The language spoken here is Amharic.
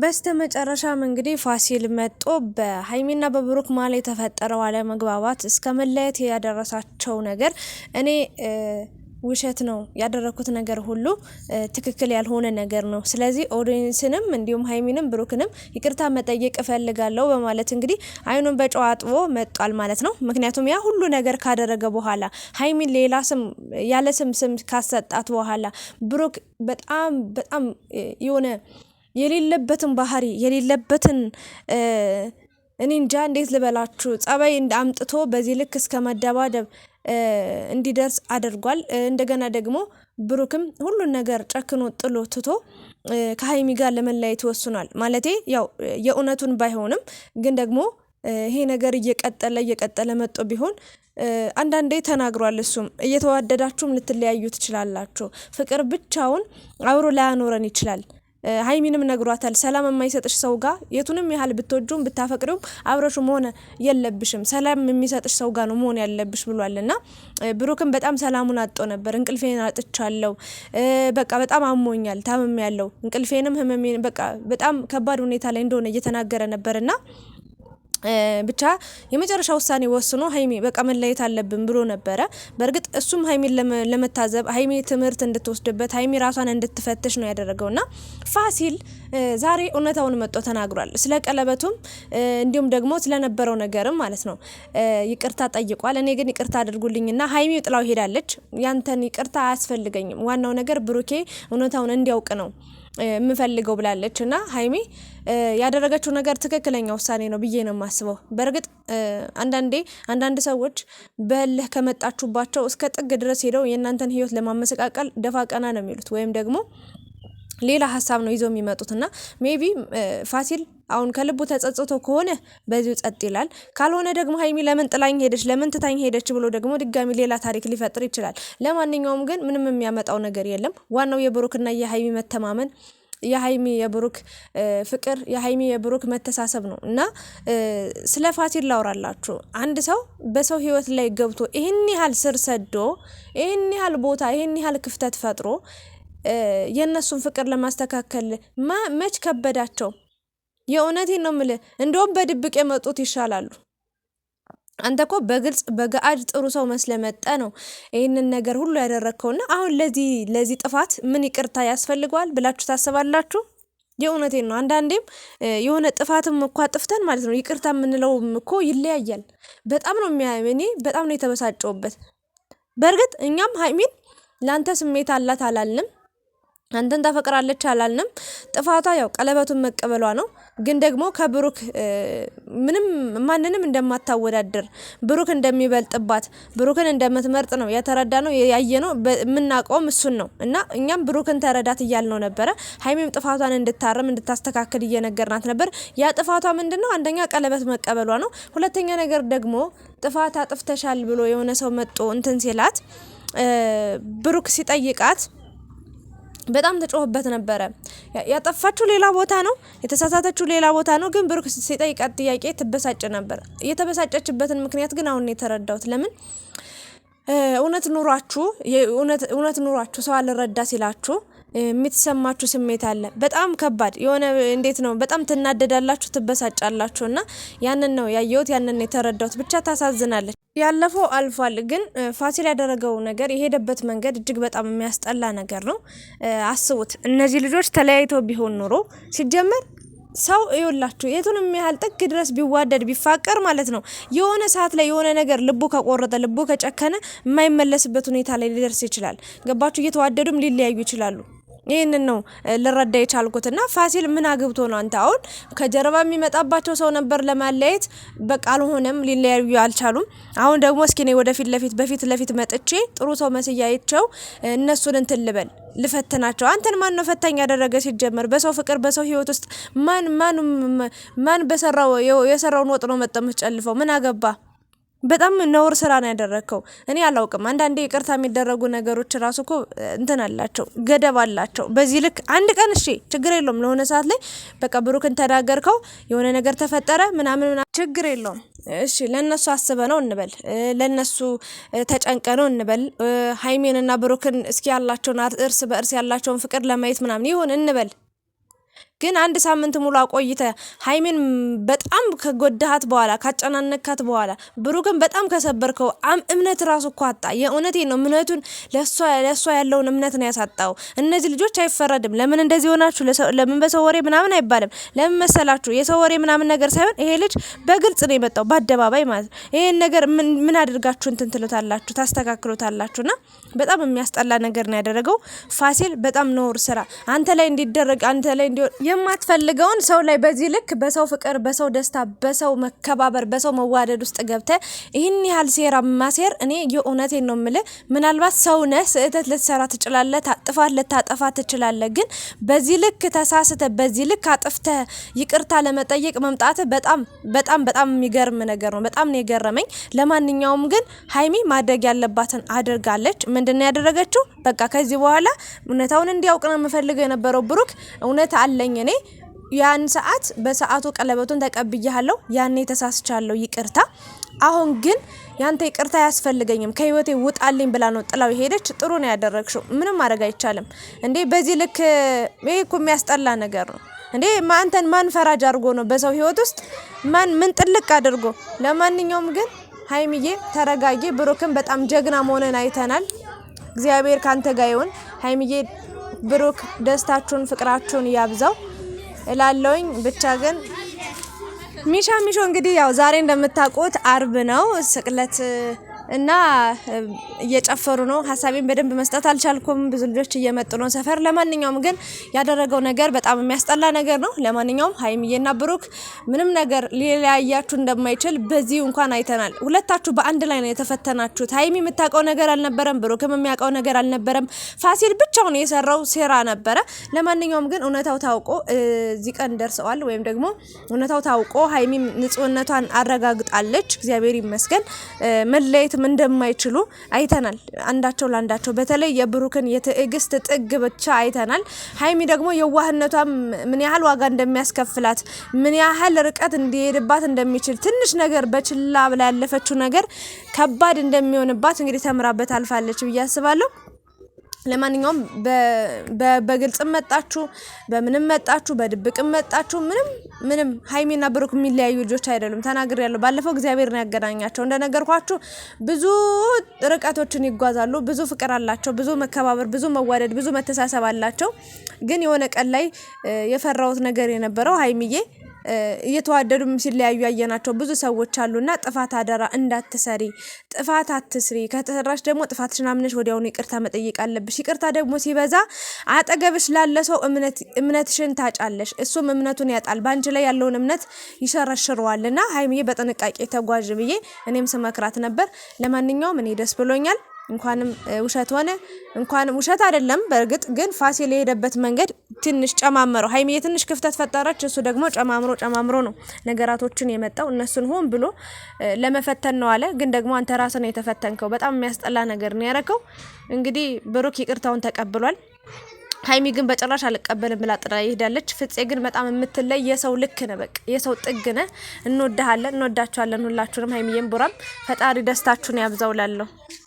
በስተ መጨረሻም እንግዲህ ፋሲል መጦ በሀይሚና በብሩክ መሀል የተፈጠረው አለመግባባት እስከ መለየት ያደረሳቸው ነገር እኔ ውሸት ነው ያደረኩት ነገር ሁሉ ትክክል ያልሆነ ነገር ነው። ስለዚህ ኦዲንስንም እንዲሁም ሀይሚንም ብሩክንም ይቅርታ መጠየቅ እፈልጋለሁ በማለት እንግዲህ አይኑን በጨው አጥቦ መጧል ማለት ነው። ምክንያቱም ያ ሁሉ ነገር ካደረገ በኋላ ሀይሚን ሌላ ስም ያለ ስም ስም ካሰጣት በኋላ ብሩክ በጣም በጣም የሆነ የሌለበትን ባህሪ የሌለበትን እኔ እንጃ እንዴት ልበላችሁ ጸባይ አምጥቶ በዚህ ልክ እስከ መደባደብ እንዲደርስ አድርጓል። እንደገና ደግሞ ብሩክም ሁሉን ነገር ጨክኖ ጥሎ ትቶ ከሀይሚ ጋር ለመለያየት ወስኗል ማለቴ ያው የእውነቱን ባይሆንም ግን ደግሞ ይሄ ነገር እየቀጠለ እየቀጠለ መጦ ቢሆን አንዳንዴ ተናግሯል። እሱም እየተዋደዳችሁም ልትለያዩ ትችላላችሁ። ፍቅር ብቻውን አብሮ ላያኖረን ይችላል። ሀይሚንም ነግሯታል። ሰላም የማይሰጥሽ ሰው ጋር የቱንም ያህል ብትወጁም ብታፈቅዱም አብረሹ መሆን የለብሽም። ሰላም የሚሰጥሽ ሰው ጋር ነው መሆን ያለብሽ ብሏል። እና ብሩክም በጣም ሰላሙን አጦ ነበር። እንቅልፌን አጥቻለሁ፣ በቃ በጣም አሞኛል፣ ታምም ያለው እንቅልፌንም ህመሜን በቃ በጣም ከባድ ሁኔታ ላይ እንደሆነ እየተናገረ ነበር እና ብቻ የመጨረሻ ውሳኔ ወስኖ ሀይሚ በቃ መለየት አለብን ብሎ ነበረ። በእርግጥ እሱም ሀይሚን ለመታዘብ ሀይሚ ትምህርት እንድትወስድበት ሀይሚ ራሷን እንድትፈትሽ ነው ያደረገው እና ፋሲል ዛሬ እውነታውን መጦ ተናግሯል። ስለ ቀለበቱም እንዲሁም ደግሞ ስለነበረው ነገርም ማለት ነው ይቅርታ ጠይቋል። እኔ ግን ይቅርታ አድርጉልኝና ሀይሚ ጥላው ሄዳለች። ያንተን ይቅርታ አያስፈልገኝም። ዋናው ነገር ብሩኬ እውነታውን እንዲያውቅ ነው የምፈልገው ብላለች እና ሀይሚ ያደረገችው ነገር ትክክለኛ ውሳኔ ነው ብዬ ነው የማስበው። በእርግጥ አንዳንዴ አንዳንድ ሰዎች በእልህ ከመጣችሁባቸው እስከ ጥግ ድረስ ሄደው የእናንተን ህይወት ለማመሰቃቀል ደፋ ቀና ነው የሚሉት ወይም ደግሞ ሌላ ሀሳብ ነው ይዘው የሚመጡትና ሜቢ ፋሲል አሁን ከልቡ ተጸጽቶ ከሆነ በዚሁ ጸጥ ይላል። ካልሆነ ደግሞ ሀይሚ ለምን ጥላኝ ሄደች፣ ለምን ትታኝ ሄደች ብሎ ደግሞ ድጋሚ ሌላ ታሪክ ሊፈጥር ይችላል። ለማንኛውም ግን ምንም የሚያመጣው ነገር የለም። ዋናው የብሩክና የሀይሚ መተማመን የሀይሚ የብሩክ ፍቅር የሀይሚ የብሩክ መተሳሰብ ነው እና ስለ ፋሲል ላውራላችሁ። አንድ ሰው በሰው ህይወት ላይ ገብቶ ይህን ያህል ስር ሰዶ ይህን ያህል ቦታ ይህን ያህል ክፍተት ፈጥሮ የእነሱን ፍቅር ለማስተካከል መች ከበዳቸው? የእውነቴን ነው ምል። እንደውም በድብቅ የመጡት ይሻላሉ። አንተ ኮ በግልጽ በገአድ ጥሩ ሰው መስለ መጠ ነው ይህንን ነገር ሁሉ ያደረግከውና አሁን ለዚህ ለዚህ ጥፋት ምን ይቅርታ ያስፈልገዋል ብላችሁ ታስባላችሁ? የእውነቴን ነው። አንዳንዴም የሆነ ጥፋትም እኳ ጥፍተን ማለት ነው ይቅርታ የምንለውም እኮ ይለያያል። በጣም ነው እኔ በጣም ነው የተበሳጨውበት። በእርግጥ እኛም ሀይሚን ለአንተ ስሜት አላት አላልንም አንተን ታፈቅራለች አላልንም። ጥፋቷ ያው ቀለበቱን መቀበሏ ነው። ግን ደግሞ ከብሩክ ምንም ማንንም እንደማታወዳድር ብሩክ እንደሚበልጥባት ብሩክን እንደምትመርጥ ነው የተረዳ ነው ያየ ነው የምናውቀውም እሱን ነው። እና እኛም ብሩክን ተረዳት እያልነው ነበረ። ሀይሚም ጥፋቷን እንድታርም እንድታስተካክል እየነገርናት ነበር። ያ ጥፋቷ ምንድን ነው? አንደኛ ቀለበት መቀበሏ ነው። ሁለተኛ ነገር ደግሞ ጥፋት አጥፍተሻል ብሎ የሆነ ሰው መጦ እንትን ሲላት ብሩክ ሲጠይቃት በጣም ተጮህበት ነበረ። ያጠፋችው ሌላ ቦታ ነው፣ የተሳሳተችው ሌላ ቦታ ነው። ግን ብሩክ ሲጠይቃት ጥያቄ ትበሳጭ ነበር። የተበሳጨችበትን ምክንያት ግን አሁን የተረዳሁት ለምን እውነት ኑሯችሁ እውነት ኑሯችሁ ሰው አልረዳ ሲላችሁ የምትሰማችሁ ስሜት አለ። በጣም ከባድ የሆነ እንዴት ነው፣ በጣም ትናደዳላችሁ፣ ትበሳጫላችሁ። እና ያንን ነው ያየሁት፣ ያንን ነው የተረዳሁት። ብቻ ታሳዝናለች። ያለፈው አልፏል፣ ግን ፋሲል ያደረገው ነገር የሄደበት መንገድ እጅግ በጣም የሚያስጠላ ነገር ነው። አስቡት፣ እነዚህ ልጆች ተለያይተው ቢሆን ኑሮ ሲጀመር ሰው እዩላችሁ የቱንም ያህል ጥግ ድረስ ቢዋደድ ቢፋቀር ማለት ነው የሆነ ሰዓት ላይ የሆነ ነገር ልቡ ከቆረጠ ልቡ ከጨከነ የማይመለስበት ሁኔታ ላይ ሊደርስ ይችላል። ገባችሁ? እየተዋደዱም ሊለያዩ ይችላሉ። ይህንን ነው ልረዳ የቻልኩት። እና ፋሲል ምን አግብቶ ነው አንተ? አሁን ከጀርባ የሚመጣባቸው ሰው ነበር ለማለያየት፣ በቃ አልሆነም፣ ሊለያዩ አልቻሉም። አሁን ደግሞ እስኪ እኔ ወደፊት ለፊት በፊት ለፊት መጥቼ ጥሩ ሰው መስያየቸው እነሱን እንትን ልበል ልፈትናቸው። አንተን ማን ነው ፈታኝ ያደረገ? ሲጀመር በሰው ፍቅር በሰው ህይወት ውስጥ ማን ማን ማን በሰራው የሰራውን ወጥ ነው መጠመት ጨልፈው ምን አገባ በጣም ነውር ስራ ነው ያደረግከው። እኔ አላውቅም። አንዳንዴ ይቅርታ የሚደረጉ ነገሮች ራሱ እኮ እንትን አላቸው፣ ገደብ አላቸው። በዚህ ልክ አንድ ቀን እሺ፣ ችግር የለውም ለሆነ ሰዓት ላይ በቃ ብሩክን ተናገርከው፣ የሆነ ነገር ተፈጠረ ምናምን ምናምን፣ ችግር የለውም እሺ። ለነሱ አስበ ነው እንበል፣ ለነሱ ተጨንቀ ነው እንበል። ሀይሜንና ብሩክን እስኪ ያላቸውን እርስ በእርስ ያላቸውን ፍቅር ለማየት ምናምን ይሁን እንበል ግን አንድ ሳምንት ሙሉ አቆይተ ሀይሜን በጣም ከጎዳሃት በኋላ ካጨናነካት በኋላ ብሩክን በጣም ከሰበርከው እምነት ራሱ እኮ አጣ። የእውነቴ ነው። እምነቱን ለእሷ ያለውን እምነት ነው ያሳጣው። እነዚህ ልጆች አይፈረድም። ለምን እንደዚህ ሆናችሁ፣ ለምን በሰው ወሬ ምናምን አይባልም። ለምን መሰላችሁ? የሰው ወሬ ምናምን ነገር ሳይሆን ይሄ ልጅ በግልጽ ነው የመጣው፣ በአደባባይ ማለት ነው። ይህን ነገር ምን አድርጋችሁ እንትን ትሉታላችሁ፣ ታስተካክሉታላችሁ? ና በጣም የሚያስጠላ ነገር ነው ያደረገው ፋሲል። በጣም ነውር ስራ አንተ ላይ እንዲደረግ አንተ ላይ እንዲሆን የማትፈልገውን ሰው ላይ በዚህ ልክ በሰው ፍቅር፣ በሰው ደስታ፣ በሰው መከባበር፣ በሰው መዋደድ ውስጥ ገብተ ይህን ያህል ሴራ ማሴር እኔ የእውነቴን ነው ምል። ምናልባት ሰውነ ስህተት ልትሰራ ትችላለ፣ ጥፋት ልታጠፋ ትችላለ። ግን በዚህ ልክ ተሳስተ፣ በዚህ ልክ አጥፍተ ይቅርታ ለመጠየቅ መምጣት በጣም በጣም በጣም የሚገርም ነገር ነው። በጣም ነው የገረመኝ። ለማንኛውም ግን ሀይሚ ማድረግ ያለባትን አድርጋለች። ምንድን ነው ያደረገችው? በቃ ከዚህ በኋላ እውነታውን እንዲያውቅ ነው የምፈልገው የነበረው ብሩክ እውነት አለኝ እኔ ያን ሰዓት በሰዓቱ ቀለበቱን ተቀብያለሁ። ያኔ ተሳስቻለሁ፣ ይቅርታ። አሁን ግን ያንተ ይቅርታ አያስፈልገኝም፣ ከህይወቴ ውጣልኝ ብላ ነው ጥላው ሄደች። ጥሩ ነው ያደረግሽው። ምንም ማድረግ አይቻልም እንዴ በዚህ ልክ። ይሄ እኮ የሚያስጠላ ነገር ነው እንዴ። አንተን ማን ፈራጅ አድርጎ ነው በሰው ህይወት ውስጥ ማን ምን ጥልቅ አድርጎ? ለማንኛውም ግን ሀይሚዬ ተረጋጌ። ብሩክን በጣም ጀግና መሆንን አይተናል። እግዚአብሔር ካንተ ጋር ይሁን ሀይሚዬ። ብሩክ ደስታችሁን ፍቅራችሁን ያብዛው። እላለውኝ። ብቻ ግን ሚሻ ሚሾ እንግዲህ ያው ዛሬ እንደምታውቁት አርብ ነው ስቅለት እና እየጨፈሩ ነው። ሀሳቤን በደንብ መስጠት አልቻልኩም። ብዙ ልጆች እየመጡ ነው ሰፈር። ለማንኛውም ግን ያደረገው ነገር በጣም የሚያስጠላ ነገር ነው። ለማንኛውም ሀይሚዬና ብሩክ ምንም ነገር ሊለያያችሁ እንደማይችል በዚህ እንኳን አይተናል። ሁለታችሁ በአንድ ላይ ነው የተፈተናችሁት። ሀይሚ የምታውቀው ነገር አልነበረም፣ ብሩክም የሚያውቀው ነገር አልነበረም። ፋሲል ብቻውን የሰራው ሴራ ነበረ። ለማንኛውም ግን እውነታው ታውቆ እዚህ ቀን ደርሰዋል፣ ወይም ደግሞ እውነታው ታውቆ ሀይሚ ንጹህነቷን አረጋግጣለች። እግዚአብሔር ይመስገን መለየት መሸከም እንደማይችሉ አይተናል። አንዳቸው ለአንዳቸው በተለይ የብሩክን የትዕግስት ጥግ ብቻ አይተናል። ሀይሚ ደግሞ የዋህነቷ ምን ያህል ዋጋ እንደሚያስከፍላት ምን ያህል ርቀት እንዲሄድባት እንደሚችል ትንሽ ነገር በችላ ብላ ያለፈችው ነገር ከባድ እንደሚሆንባት እንግዲህ ተምራበት አልፋለች ብዬ አስባለሁ። ለማንኛውም በግልጽም መጣችሁ በምንም መጣችሁ በድብቅም መጣችሁ ምንም ምንም ሀይሚና ብሩክ የሚለያዩ ልጆች አይደሉም። ተናግር ያለው ባለፈው እግዚአብሔር ነው ያገናኛቸው። እንደነገርኳችሁ ብዙ ርቀቶችን ይጓዛሉ። ብዙ ፍቅር አላቸው፣ ብዙ መከባበር፣ ብዙ መዋደድ፣ ብዙ መተሳሰብ አላቸው። ግን የሆነ ቀን ላይ የፈራሁት ነገር የነበረው ሀይሚዬ እየተዋደዱም ሲለያዩ ያየናቸው ብዙ ሰዎች አሉና ጥፋት አደራ እንዳትሰሪ፣ ጥፋት አትስሪ። ከተሰራሽ ደግሞ ጥፋትሽን አምነሽ ወዲያውኑ ይቅርታ መጠየቅ አለብሽ። ይቅርታ ደግሞ ሲበዛ አጠገብሽ ላለ ሰው እምነትሽን ታጫለሽ፣ እሱም እምነቱን ያጣል። በአንቺ ላይ ያለውን እምነት ይሸረሽረዋል። ሀይሚዬ በጥንቃቄ ተጓዥ ብዬ እኔም ስመክራት ነበር። ለማንኛውም እኔ ደስ ብሎኛል። እንኳንም ውሸት ሆነ እንኳንም ውሸት አይደለም። በእርግጥ ግን ፋሲል የሄደበት መንገድ ትንሽ ጨማመረው። ሀይሚዬ ትንሽ ክፍተት ፈጠረች። እሱ ደግሞ ጨማምሮ ጨማምሮ ነው ነገራቶችን የመጣው። እነሱን ሆን ብሎ ለመፈተን ነው አለ። ግን ደግሞ አንተ ራስህ ነው የተፈተንከው። በጣም የሚያስጠላ ነገር ነው ያረከው። እንግዲህ ብሩክ ይቅርታውን ተቀብሏል። ሀይሚ ግን በጭራሽ አልቀበልም ብላ ጥላ ይሄዳለች። ፍፄ ግን በጣም የምትለይ የሰው ልክ ነህ፣ በቃ የሰው ጥግ ነ። እንወዳሃለን፣ እንወዳችኋለን ሁላችሁንም። ሀይሚዬም ቡራም ፈጣሪ ደስታችሁን ያብዛውላለሁ።